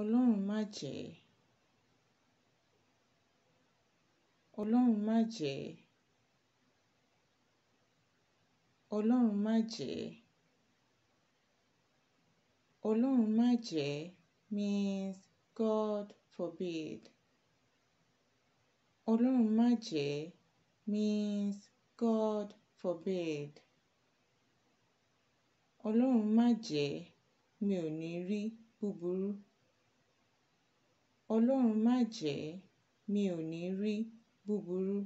Ọlọ́run má jẹ. Ọlọ́run má jẹ. Ọlọ́run má jẹ. Ọlọ́run má jẹ means God forbid. Ọlọ́run má jẹ means God forbid. Ọlọ́run má jẹ, mi ò ní rí búburú ọlọ́run má jẹ́ mi ò ní rí búburú